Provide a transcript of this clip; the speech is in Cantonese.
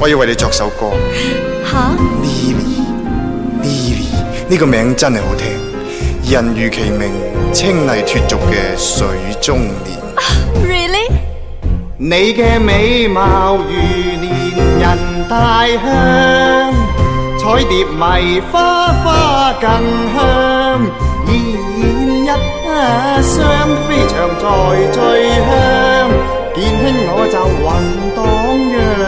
我要為你作首歌，吓，Lily，Lily，呢個名真係好聽，人如其名，清麗脫俗嘅水中蓮。Really？你嘅美貌如蓮人帶香，彩蝶迷花花更香，燕一雙飛翔在醉鄉，見卿我就魂蕩漾。